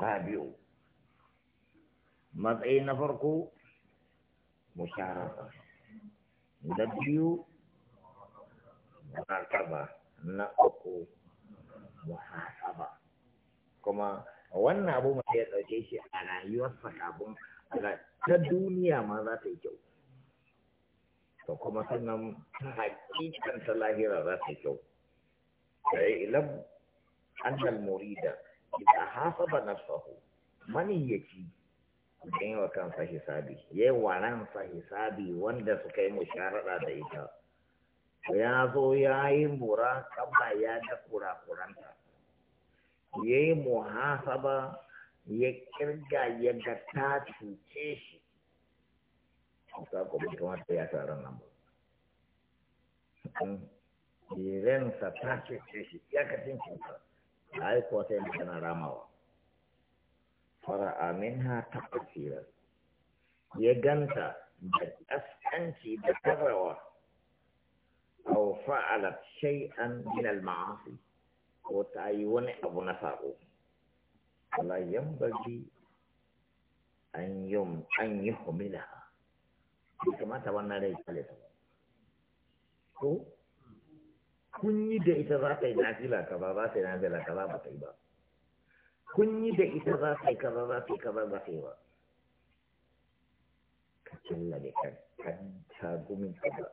rabi'u matsayi na farko musharaka da biyu murakaba na uku muhasaba kuma wannan abu mai ya ɗauke shi a rayuwarsa a ta duniya ma za ta yi kyau to kuma sannan hakikan ta lahira za ta yi kyau sai ilam annal murida idan hasaba nafsahu maniyaci da yi wa kansa hisabi ya yi wa ransa hisabi wanda suka yi musharada da ita ya zo ya yi mura kama ya da kurakuranta ya yi muhasaba ya kirga ya ga ta cuce shi ta kuma kamata ya tara nan ba rensa ta cuce shi ya kacin cuta ai kuwa sai da tana ramawa fara'a minha taqsira ya ganta da kaskanci da karawa aw fa'alat syai'an min ma'afi. maasi ko ta yi wani abu na sako wala yambagi an yum an yuhmilaha kamata wannan rai ko kun yi da ita za ka yi nafila ka ba ba sai nafila ka ba ba yi ba kun yi da ita za ka yi ka ba ba sai ka ba ba sai ba ka killa da kan kan tagumin ka ba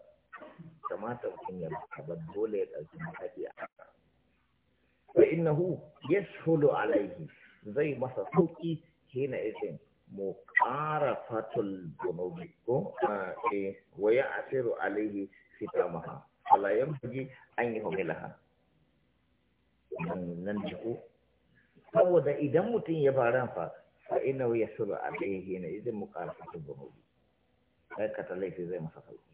kamata mutum ya ba ba dole ya ɗauki mataki a haka fa innahu yashhulu alaihi zai masa sauki hina isin muqarafatul dhunubi idan mutum ya fara fa fa ina ya sulu alaihi ne idan muqalafatu dhunubi kai ka laifi zai masa sauki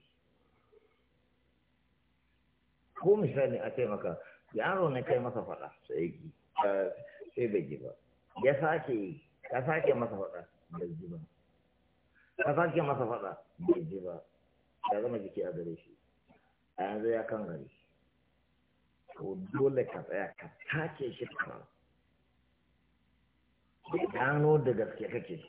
ko misali a ce maka yaro ne kai masa fada sai ki sai bai ji ba ya sake ka sake masa fada bai ji ba ka sake masa fada bai ji ba ya zama jiki a gare shi a yanzu ya kan gari ko dole ka tsaya ka take shi ka gano da gaske kake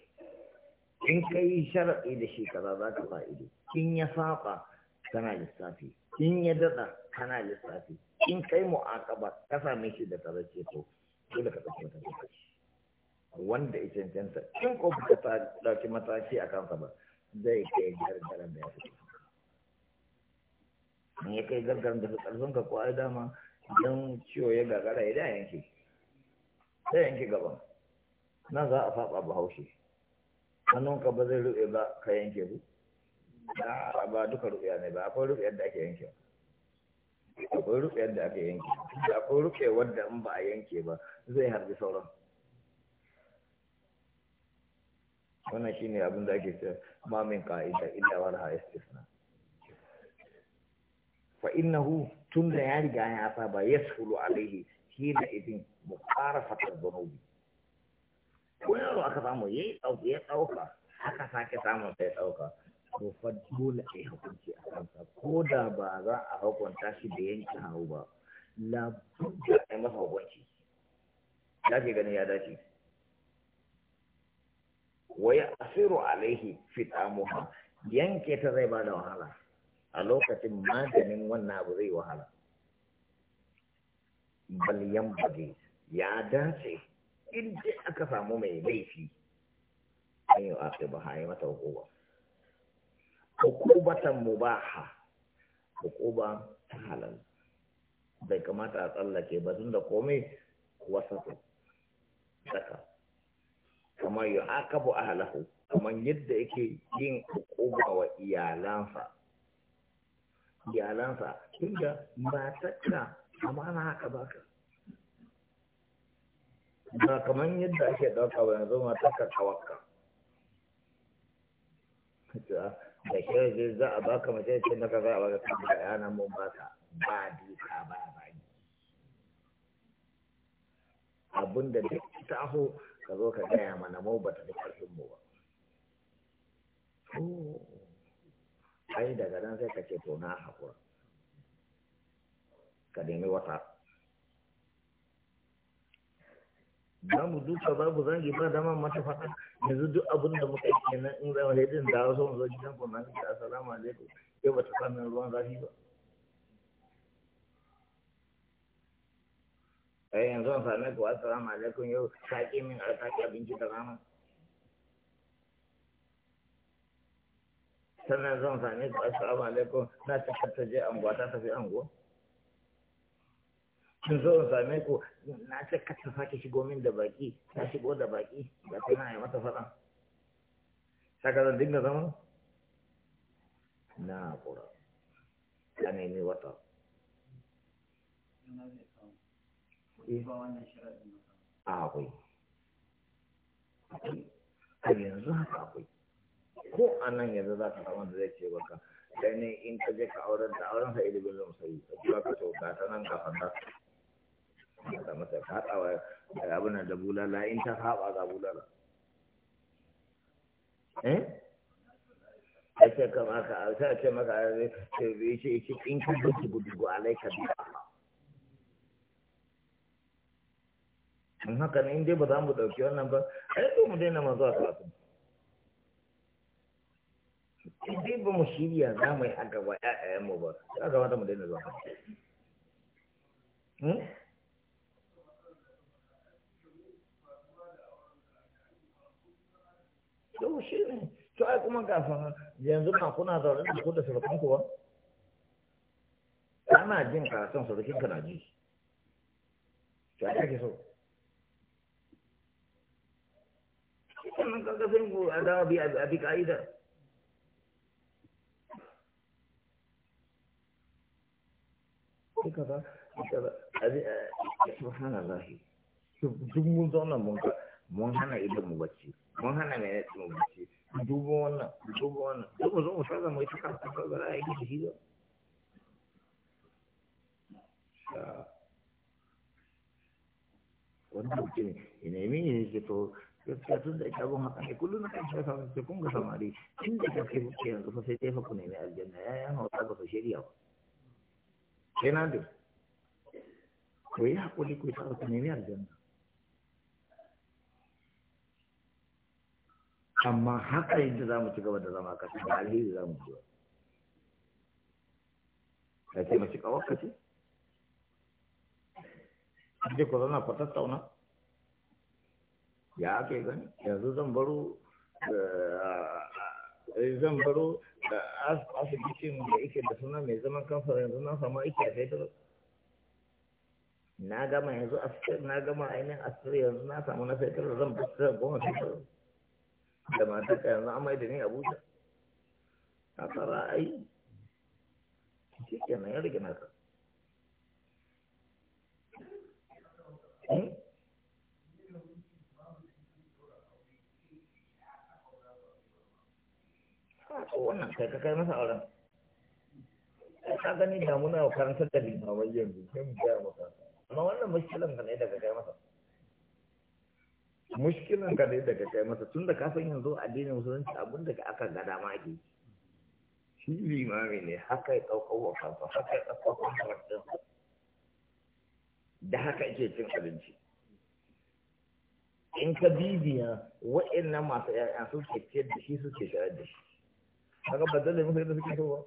in ka yi sharaɗi da shi kaza za ka fa'ido in ya saba kana lissafi in ya daɗa kana lissafi in kai mu'aƙaba ka same shi da tsarace ko dole ka ɗauki mataki wanda ya cancanta in ko ka ɗauki mataki a kansa ba zai kai gargara da ya fi in ya kai gargara da ƙarfin ka ko ai dama don ciwo ya gagara ya da yanke sai yanke gaban nan za a faɓa bahaushe hannunka ba zai rufe ba ka yanke su na ba duka rufe ne ba akwai rufe yadda ake yanke akwai rufe yadda ake yanke akwai rufe wadda in ba a yanke ba zai harbi sauran wannan ne abin da ake ce ma min ka'ida illa wal istisna fa innahu tun da ya riga ya saba yasulu alaihi da idin muqarafat adh-dhunubi ko yaro aka samu yi ɗauka ya ɗauka, aka sake samun sai ɗauka. to fa dole a yi hukunci a kansa ko da ba za a hukunta shi da yanki hau ba buɗe a yi masa hukunci ya ke ganin ya dace waya asiru alaihi fitamuha yanke ta zai ba da wahala a lokacin maganin wannan abu zai wahala bal yan ya dace in dai aka samu mai laifi an yi ake ba haye mata mu hukubatan ha, hukuba ta halal bai kamata a tsallake ba tun da komai wasa saka kamar yi akabu a halahu kama yadda yake yin hukuba wa iyalansa iyalansa tun da matakka na haka baka ba kamar yadda ake ɗauka ba yanzu ta ka tawakka da shi za a baka mace ce maka za a baka kamar da yana mun baka ba duka ba baki abin da duk taho ka zo ka gaya mana mu ba ta da ƙarfin mu ba ai daga nan sai ka ce to na hakura ka nemi wata za mu duka babu zagi ba dama mata faɗa yanzu duk abin da muka yi kenan in zama sai din zo mu zo gidan ku na ta assalamu alaikum ke ba ta samu ruwan zafi ba ai eh, yanzu an same ku assalamu alaikum yau ta ke min a ta abinci da rana sannan zan same ku assalamu alaikum na ta je anguwa ta tafi anguwa sun zo in same ku na ce ka ta sake shigo min da baki ta shigo da baki ba ta na yi mata faɗan saka zan dinga zama na kura ta nemi wata eh. akwai a yanzu haka akwai ko a nan yanzu za ka samu da zai ce baka sai ne in ka je ka auren da auren sa ilimin musayi ka ka sauka ta nan ka fada da mata fadawa da abin da bulala in ta saba ga bulala eh sai ka maka sai ce maka sai shi shi in ka gudu gudu alaika bi in haka ne in dai ba za mu dauki wannan ba ai to mu daina mazuwa kasu in dai ba mu shirya za mu yi haka wa ƴaƴayenmu ba ya kamata mu daina zuwa kasu hmm? to shi ne to ai kuma kafin yanzu ma kuna zaune da ku da surukan ku kana jin karatun surukin ka na ji to ai ake so sannan kaga ku a bi a bi ka'ida kaza kaza duk mun mun mun hana idan mu bacci mun hana mai yadda mu bace dubo wannan dubo wannan mu zo mu sarra ba za a yi da shi ina yi mini to gaskiya tun da ita ne na kan shafa mai ga samari tun da yanzu fa sai ku aljanna ya yi shirya ba na ko yi haƙuri ku yi ku aljanna amma haka yadda za mu ci gaba da zama kasa da alheri za mu ci gaba ce mace kawarka ce je ku zana kwatar tattauna ya ake gani yanzu zan baro eh, eh, zan baro eh, asibitin da ike da suna mai zaman kansa yanzu na samu aiki a federal na gama yanzu asibiti na gama ainihin asibiti yanzu na samu na federal zan bata goma federal da matar ka yanzu amai da ni abuja a tsara ai shi kenan ya rage nasa hmm? wannan kai ka kai masa auren ka gani damuna karanta da limawai yanzu sai mu gaya masa amma wannan mashilan ka ne daga kai masa mushkilan ka ne daga kai masa tun da kafin yanzu addinin musulunci abun da aka ga dama ke shi limami ne haka ya ɗaukar wa kansa haka ya ɗaukar wa kansa da haka ake cin abinci in ka bibiya wa'annan masu ƴaƴan su ke ciyar da shi su ke shayar da shi haka ba zai musu yadda suke so ba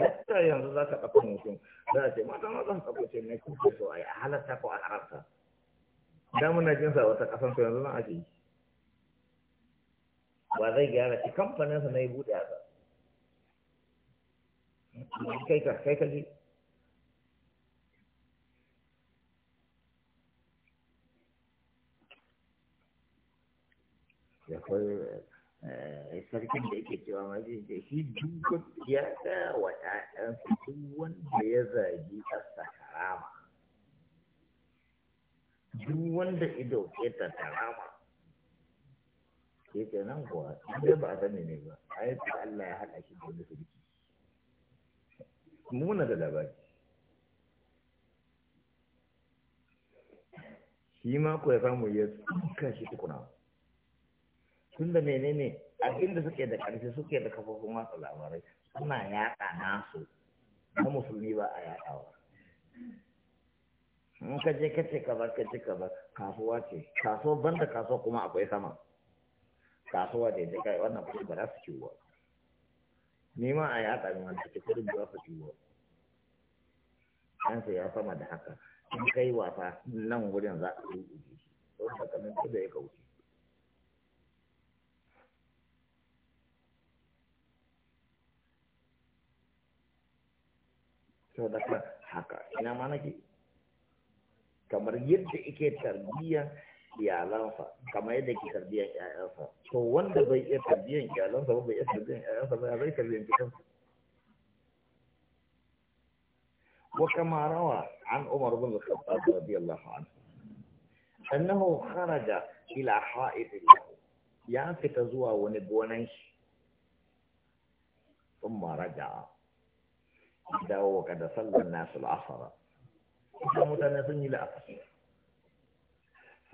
Dakta yanzu za ka ɗaukar mutum za a ce mata ma za su ɗaukar ce mai kuke so a yi a halatta ko a haramta da muna jin sa wata kasan to yanzu nan ake yi ba zai gyara ki kamfanin sa na yi buɗe haka kai ka kai ka ji akwai eh, sarkin da yake cewa mafi da shi duk ya ga wata ɗaɗansa duk wanda ya zagi a sakarama. duk wanda ido ke ta tarama ke ke nan kuwa inda ba a sani ne ba a yi ta Allah ya haɗa shi da wani sulki muna da labari shi ma ku ya samu ya tsuka shi tukuna tun da menene abinda suke da ƙarfi suke da kafofin watsa labarai suna yaɗa nasu na musulmi ba a yaɗawa in ka je ka ce kaza ka ce kaza kasuwa ce kaso banda kaso kuma akwai sama kasuwa da ya kai wannan kuɗi ba za su ciwo ni ma a yaɗa min wanda ke kuɗin ba su ciwo an ya sama da haka in kai wasa nan wurin za a yi rubuce shi don sakamakon da ya kauce sau da haka ina ma nake kamar yadda ike tarbiyya iyalansa kamar yadda ke tarbiyyar iyalansa to wanda bai iya tarbiyyar iyalansa ba bai iya tarbiyyar iyalansa ba zai tarbiyyar cikin wa kama rawa an umar bin al-khattab radiyallahu anhu annahu kharaja ila ha'id ya fita zuwa wani gonan shi ثم رجع dawo kada sallar nasu al'asara kusan mutane sun yi la'akari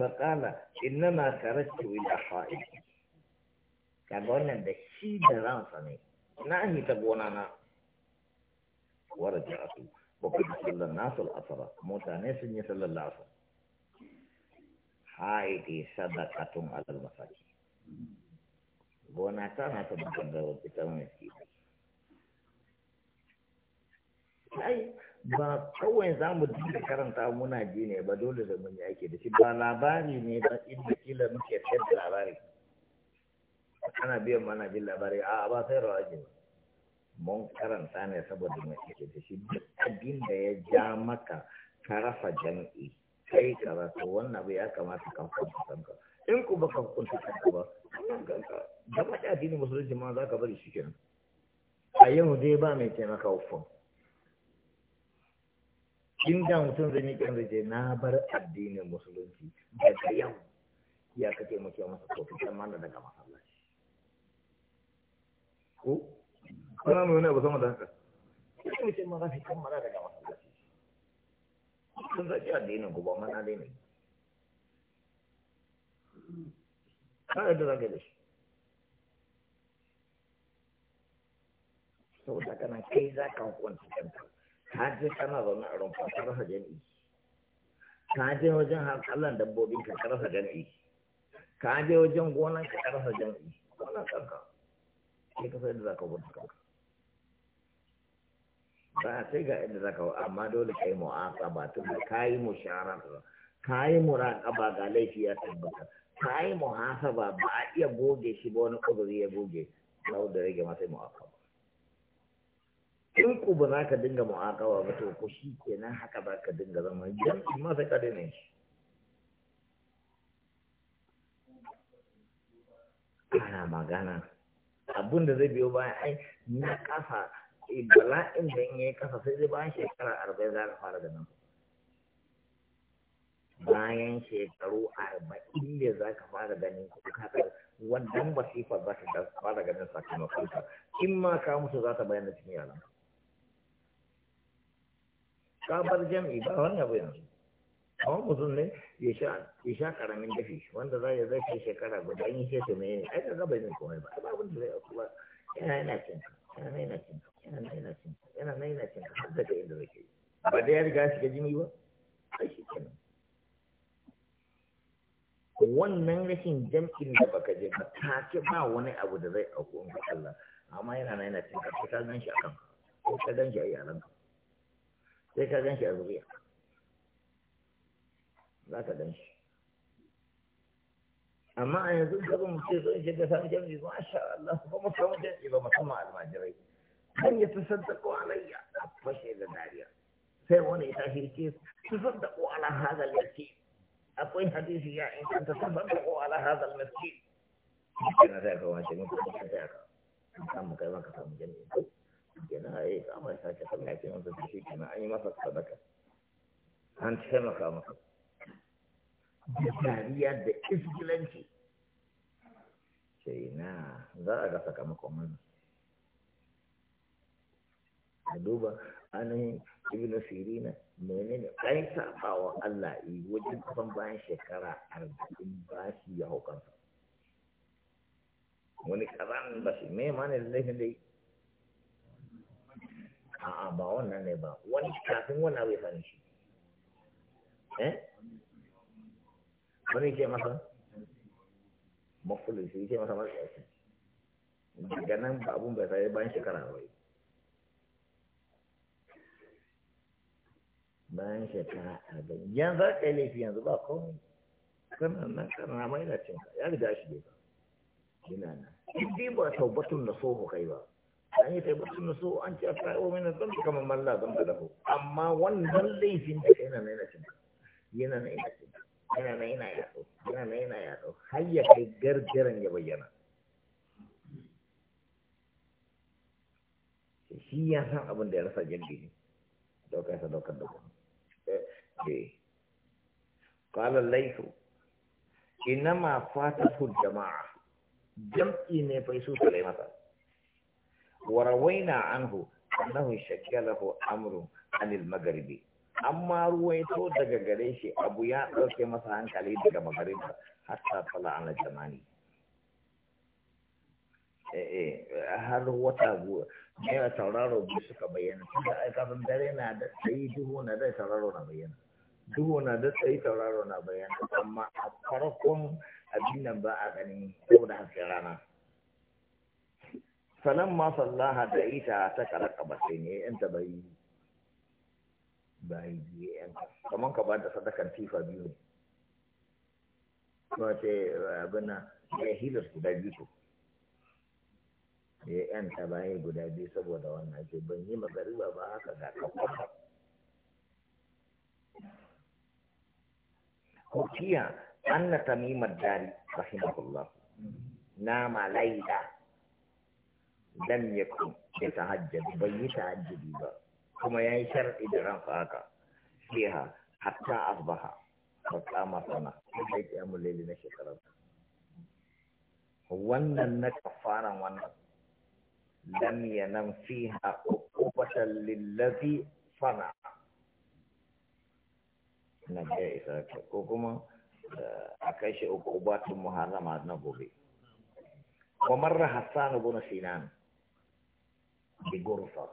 faƙala innama karatu ila ha'iki kaga wannan da shi da ransa ne na hita gona na warja su ba ku sallar nasu al'asara mutane sun yi sallar lasa ha'iki sadakatun alal masaki gona ta na ta bukan ga wata ta mai ai ba kawai za mu dinga karanta muna ji ne ba dole da mun yake da shi ba labari ne ba inda kila muke sayar da labari ana biyan mana bin labari a ba sai rawa ji mun karanta ne saboda mun yi da shi duk abin da ya ja maka ka rasa jam'i kai ka rasa wannan bai ya kamata ka kwanta kanka in ku ka kwanta kanka ba da ma addinin musulunci ma za ka bari shi kenan a yau dai ba mai taimaka ufan da mutum zai miƙe zai ce na bar addinin musulunci daga yau ya kake muke masa ko fitar mana daga masallaci ko kana mai wani abu sama da haka sai mu ce mana kan mana daga masallaci sun zaki addinin ku ba mana dai ne kada da zaka da shi saboda kana kai za ka hukunta kanta ka kana zaune a rumfa ka rasa jami'i ka je wajen hankalan dabbobin ka rasa jami'i ka je wajen gonan ka rasa jami'i wannan kanka ke ka sai da zaka wuce kanka ba sai ga inda zaka wuce amma dole kai ba tun da kai musharar kai ba ga laifi ya tabbata kai muhasaba ba a iya goge shi ba wani kuduri ya goge na da rage ma sai ba in ku ba za ka dinga mu'akawa ba to ku shi kenan haka za ka dinga zama jam'i ma sai ka daina shi ana magana abun da zai biyo bayan ai na kafa eh, bala'in da in yayi kafa sai zai bayan shekara arba'in za ka fara da nan bayan shekaru arba'in ne za ka fara ganin kuɗaɗar wannan wasifar za ka fara ganin sakamakon ka. in ma ka mutu za ta bayyana cikin yaran sabar jam'i ba wani abu yanzu amma mutum ne ya sha ya sha karamin dafi wanda za ya zai kai shekara guda in yi sai mai ai ga gaba ne komai ba ba abin da zai auku ba yana yana cin yana yana cin yana yana cin yana yana cin har da inda zai yi ba da ya riga shi ga jini ba ai shi kenan wannan rashin jam'in da baka je ba ta ce ba wani abu da zai auku in ka Allah amma yana yana cin ka ta gan shi akan ko ka gan shi a ka. sai ka gan shi a zuriya za ka gan shi amma a yanzu da ban ce so in shiga sami jami'i ba masha Allah ba mu samu jami'i ba musamman almajirai kan ya tasaddaqu alayya fashe da dariya sai wani ya tashi ce tasaddaqu ala hadha al-miskin akwai hadisi ya in kan tasaddaqu ala hadha al-miskin kana da kawai shi mun ta ka samu kai ma ka samu jami'i kenan a yi kama ya sake Allah ya ce masa zai shi kenan an yi masa sadaka an taimaka masa da dariya da isgilanci sai na za a ga sakamakon mun a duba ainihin ibn sirina menene kai sabawa Allah yi eh, wajen kan bayan shekara arba'in ba shi ya hau kansa wani kazan ba shi me ma ne laifin dai a'a ba wannan ne ba wani kafin wannan bai sani shi eh wani ke masa mafulu shi ke masa matsayi daga nan ba abun bai sai bayan shekara bai bayan shekara arba'in yanzu za ka yi laifi yanzu ba komai kana nan kana mai na cinka ya riga shi ne ka yana nan in dai ba taubatun na soho kai ba an yi taimakon na so an ce a yi mai na zan kama malla zan da dafo amma wannan laifin da yana na yana cin yana na yana cin yana na yana yaɗo yana na yana yaɗo har ya kai gargaran ya bayyana shi ya san abin da ya rasa jirgi ne daukar sa daukar da kuma ina ma إنما فاتته jama'a. jam'i ne fa su ta laimata warawaina anhu annahu shakalahu amru anil magharibi amma ruwaito daga gare shi abu ya dauke masa hankali daga magharib har ta tala an zamani eh har wata bu ne a tauraro bu suka bayyana tunda ai kafin dare na da sai duhu na da tauraro na bayyana duhu na da sai tauraro na bayyana amma a farkon abin nan ba a ganin da hasken rana sannan ma sallaha da ita ta karaka ba sai ne yanta bai bai biye kamar ka bada sadakan tifa biyu ne kuma ce abin ya hilar guda biyu ko ya guda biyu saboda wannan ce ban yi magariba ba haka ga kakwata hukiya an na tamimar dari rahimahullah na malaita lam yakun yatahajjadu bai yi tahajjudi ba kuma yayi shar'i da ran haka fiha hatta asbaha wa qama sana sai mu lele na karanta wannan na kafaran wannan lam yanam fiha uqubatan lillazi sana na ga isa ko kuma eh, a kai shi uqubatun muharrama na gobe wa marra hasan ibn sinan gurfa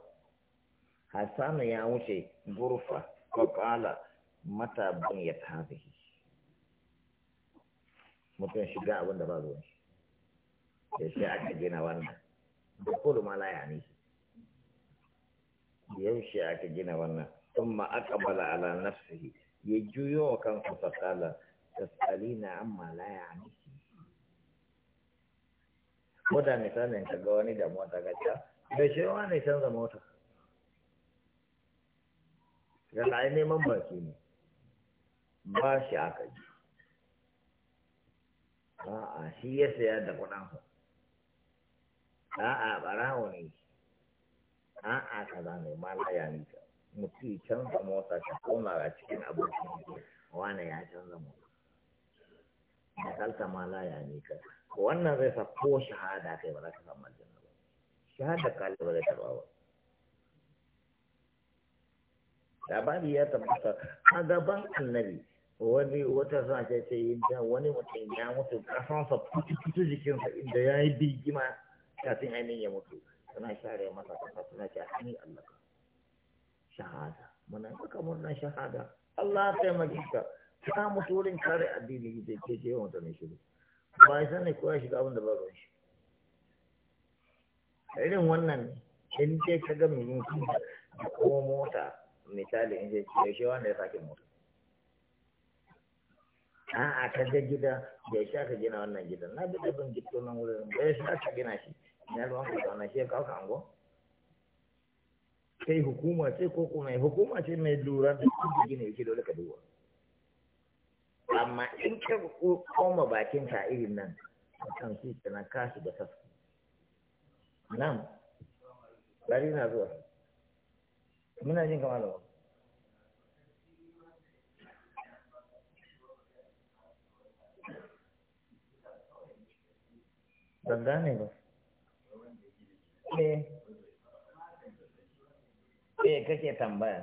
hassan ya wuce gurfa ko kala mata ban ya ta zai mutum shiga abinda ba zuwa shi da shi a cikin wannan da kudu malaya ne yau shi a cikin wannan sun ma'akabala ala nafsihi ya juyo wa kan kusa kala ta tsali na an malaya ne ko da misalin ka ga wani damuwa daga can da shewa ne canza mota yana ai neman baki ne ba shi aka ji a'a shi ya saya da kuɗansa a'a ɓarawo ne a'a kaza ne laya ne ka mutu canza mota ta koma a cikin abokin wane ya canza mota da kalta laya ne ka wannan zai sa ko shahada kai ba za ka samu shahada da ba zai taɓa ba labari ya tabbata a gaban annabi wani wata sa ce ce inda wani mutum ya mutu kasansa putu jikinsa inda ya yi birgima kafin ainihin ya mutu suna share masa kasa suna ce hannun Allah shahada muna maka murnan shahada Allah ta yi ka ta mutu wurin kare addini da ke ce yawan mutane shiru ba ya sani ko ya shiga abin da ba ruwan shi irin wannan in ce ka ga mai kuma da kuma mota misali in ce yaushe wanda ya sake mota a'a ka ga gida da ya sha ka gina wannan gidan na bi ɗabin gito nan wurin da ya sha ka gina shi na ruwan ka zauna shi ya kawo ka angon kai hukuma ce ko kuma hukuma ce mai lura da kuma gina yake dole ka duba amma in ka koma bakin ka irin nan kan shi kana kashi da kasu nan lari ah. na zuwa muna jin kamar da ban gane ba eh eh kake tambaya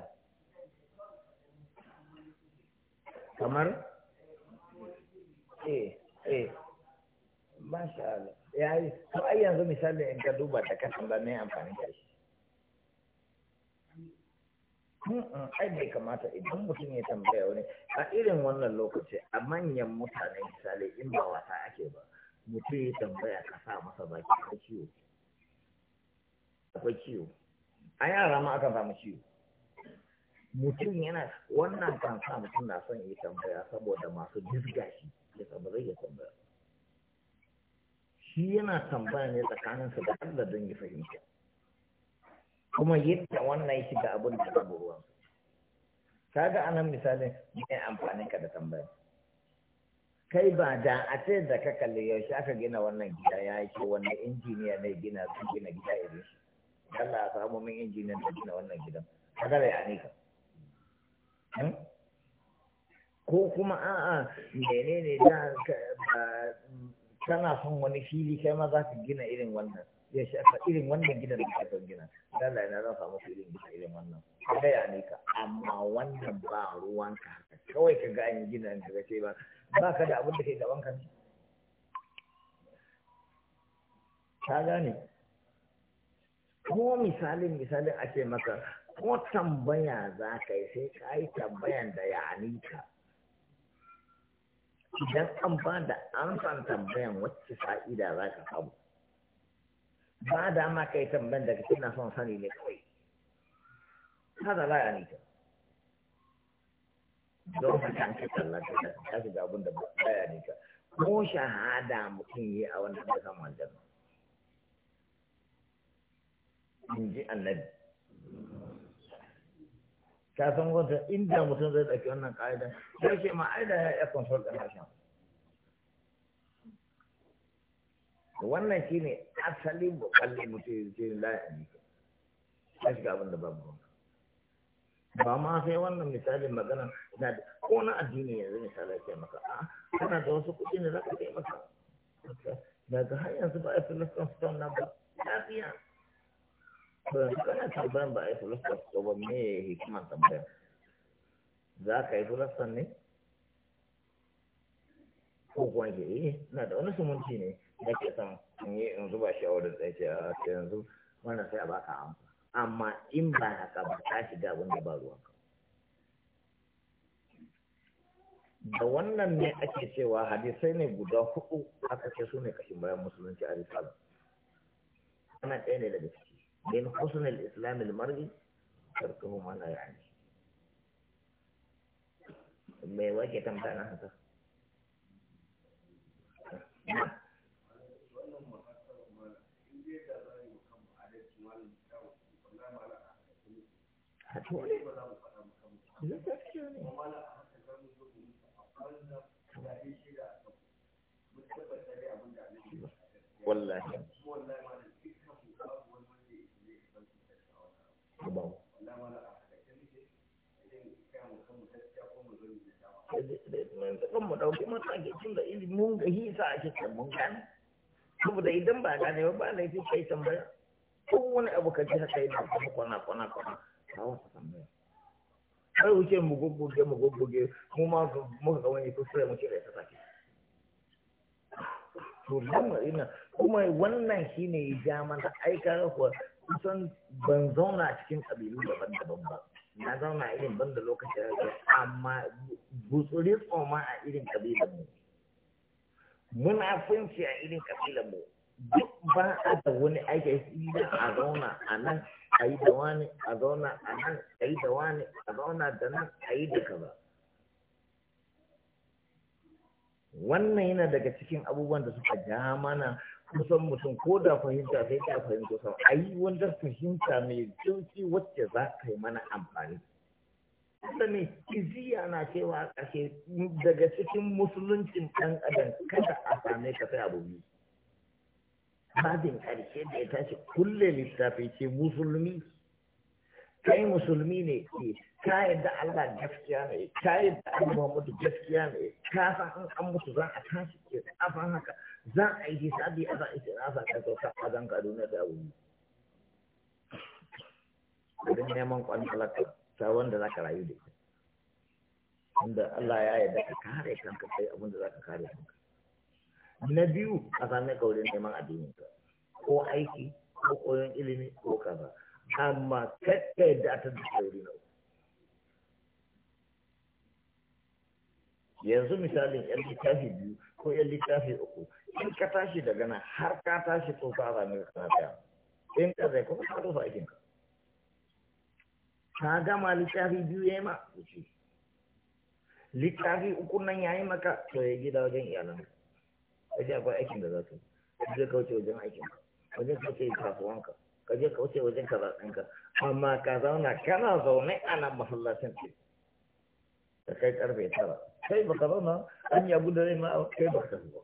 kamar eh eh masha Allah ya yi to ai yanzu misali in ka duba da kasan ba mai amfani da shi ai bai kamata idan mutum ya tambaya wani a irin wannan lokaci a manyan mutane misali in ba wasa ake ba mutum ya tambaya ka sa masa baki akwai ciwo akwai ciwo a yara ma akan samu ciwo mutum yana wannan kan sa mutum na son ya tambaya saboda masu jirga shi ya samu zai ya tambaya shi yana tambaya ne tsakaninsa da Allah don ya fahimta kuma yadda wannan shi ga abin da babu ruwan kaga anan misalin ne amfanin ka da tambaya kai ba da a ce da ka kalli yaushe aka gina wannan gida ya yi ce wannan injiniya ne gina sun gina gida irin shi Allah ya samu min injiniyan da gina wannan gidan kaga da ne ka hmm? ko kuma a'a menene da ba kana son wani fili kai ma za ka gina irin wannan ya shafa irin wannan gidan da ka son gina Allah na zan samu irin gina irin wannan ka ya ne ka amma wannan ba ruwanka haka kawai ka ga an gina ka ga ce ba ba ka da abin da ke gaban ka ne ka gane ko misalin misalin ake maka ko tambaya za ka yi sai ka yi tambayan da ya ka idan an ba da an san tambayan wacce fa'ida za ka samu ba da ma kai tambayan daga ina son sani ne kawai hada la yani ta don ka kan ka kalla ta ka shiga abin da ba ya ne ta ko shahada mutum yi a wannan da kan aljanna in ji annabi ka san wata inda mutum zai ɗauki wannan ƙa'idan sai ke ma Aida ya iya control ɗin harshen wannan ne asali bukalli mutum ya ce la ya ji ya shiga abin da babu ba ma sai wannan misali magana na da ko na addini yanzu misali ce maka a kana da wasu kuɗi ne za ka taimaka daga har yanzu ba a filistan stone na ba lafiya kana tambayan ba a yi fulastar ko ba me ya yi hikiman tambayan za ka yi fulastar ne ko kuwa ke yi na da wani sumunci ne da ke san in yi in zuba shi a wurin tsaye ce a yanzu wannan sai a baka amsa amma in ba haka ba ta shiga abin da ba ruwanka da wannan ne ake cewa hadisai ne guda hudu aka ce su ne kashin bayan musulunci a risala ana ɗaya ne daga ciki بين حسن الإسلام المرئي تركه ما لا يعني ما يواجه تمتعنا هذا هتقولي والله ba mu ɗauki matakin da ilimin ga hisa saboda idan ba gane ba ba laifi kai tambaya abu ka ji haka yana kuma kwana kwana kwana kawo ka tambaya wuce mu mu mu ma muka ga wani kuskure mu ce da to kuma wannan shine ya ja mana aikar kuwa kusan ban zauna cikin ƙabilu daban-daban ba na zauna irin banda lokacin rage amma gutsuri tsoma a irin ƙabilan mu Muna munafunci a irin ƙabilan mu duk ba a da wani ake hira a zauna a nan a yi da wani a zauna a nan a yi da wani a zauna da nan a yi da kaza wannan yana daga cikin abubuwan da suka ja mana kusan mutum ko da fahimta sai ka fahimta sau a yi wanda fahimta mai zurfi wacce za ka yi mana amfani sani iziya na cewa ƙashe daga cikin musuluncin ɗan adam kada a same ka sai abu biyu babin ƙarshe da ya tashi kulle littafi ce musulmi kai musulmi ne ke eh, ka yadda Allah gaskiya ne ka yadda Allah Muhammadu gaskiya ne ka san an musu za a tashi ke ka haka za a yi hisabi a za a yi tirafa ta a zan kaduna ta abu idan neman kwantalaka ta wanda za ka rayu da ita inda Allah ya yarda ka kare kanka sai abin da za ka kare kanka na biyu a sami kaurin neman addinin ka ko aiki ko koyon ilimi ko kaza amma kakka yadda ta da sauri na yanzu misalin yan littafi biyu ko yan littafi uku in ka tashi daga nan har ka tashi ko ka zame ka lafiya in ka zai kuma ka rufe aikin ka ka gama littafi biyu ya yi ma littafi uku nan ya yi maka to ya gida wajen iyalan ka ji akwai aikin da za su, yi ka je kauce wajen aikin ka wajen kauce kasuwanka ka je kauce wajen kaza ka amma ka zauna kana zaune ana masallacin ce ka kai karfe tara sai baka zauna an yabu da rai ma kai baka zuwa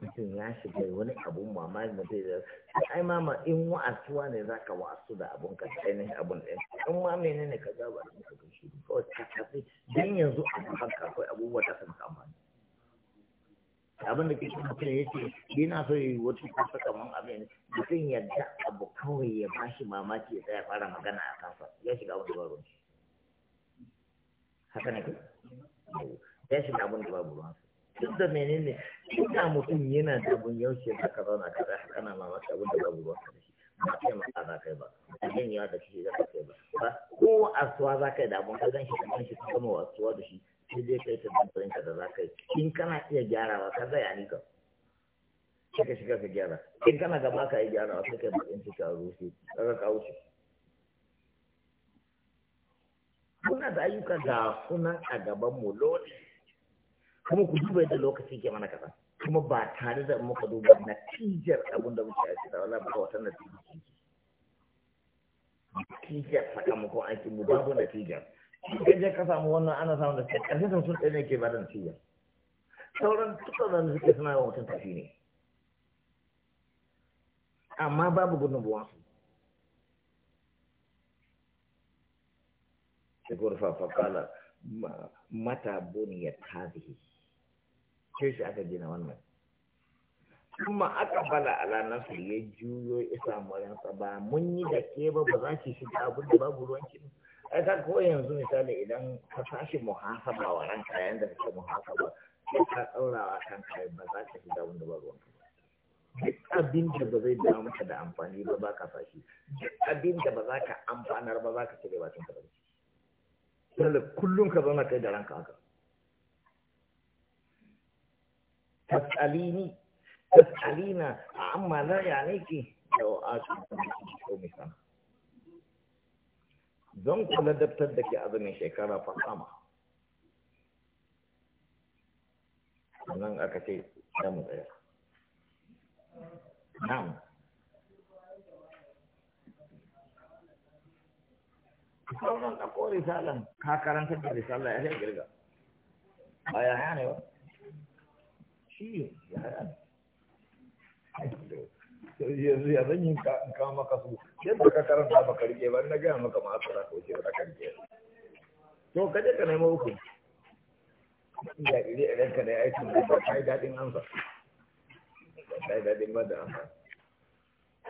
mutum ya shiga wani abun mamaye mamaki zai zai ai mama in wa'asuwa ne za ka wa'azu da abun ka ainihin abun ɗin in ma mene ne ka gaba da ka kai shi kawai ta tafi don yanzu abu haka akwai abubuwa da sun kama ne abin da ke cikin mutum ya ce yana so yi wata kasa kamar abin mutum yadda abu kawai ya bashi mamaki ya tsaya fara magana a kansa ya shiga wani babu haka ne ke ya shiga abin da babu ruwansa duk da menene inda mutum yana da abun yaushe da ka zauna ka zai kana mamaki abin da babu ruwan shi ba kai maka za kai ba ba yin yawa da shi za ka kai ba ba ko asuwa za ka yi da abun ka gan shi ka gan shi ka gama asuwa da shi sai dai kai ta dantarin ka da za ka yi in kana iya gyarawa ka zai ani ka sai ka shiga ka gyara in kana gaba ka yi gyarawa sai kai bakin ciki ka rufe kaga ka wuce muna da ayyuka da sunan a gaban mu lodi kuma ku duba yadda lokaci ke mana kasa kuma ba tare da muka duba natijar abin da muke aiki da wala ba wata natijar natijar sakamakon aiki mu babu natijar idan je ka samu wannan ana samu da karshen sun sun ɗaya ke ba da natijar sauran tukar da suke suna yawan mutum tafi ne amma babu gudun buwan su fa fa kala mata buniyar hadhihi sai shi aka gina wannan kuma aka bala ala nasu ya juyo isa magansa ba mun yi da ke ba ba za ki shiga abin da babu ruwan ki ai ka ko yanzu misali idan ka tashi muhasaba wa ranka yayin da kake muhasaba sai ka daurawa kanka ba za ka shiga abin da babu ruwan duk abin da ba zai dawo maka da amfani ba ba ka fashi duk abin da ba za ka amfanar ba za ka cire bakin ka ba kullum ka zauna kai da ranka haka tas'alini tas'alina amma la ya'niki yau a cikin don kula daftar da ke azumin shekara fasama nan aka ce da mu tsaya na'am sauran ɗauko risalan ka karanta da risala ya sai girga ba ya ne ba shi ya haya yanzu ya zan yi kawo maka su yadda ka karanta ba karke ba na gaya maka masu ra kauce ba karke to ka je ka nemo hukunci da ire iren ka da ya aiki da ba ta yi daɗin amsa ba ta yi daɗin ba da amsa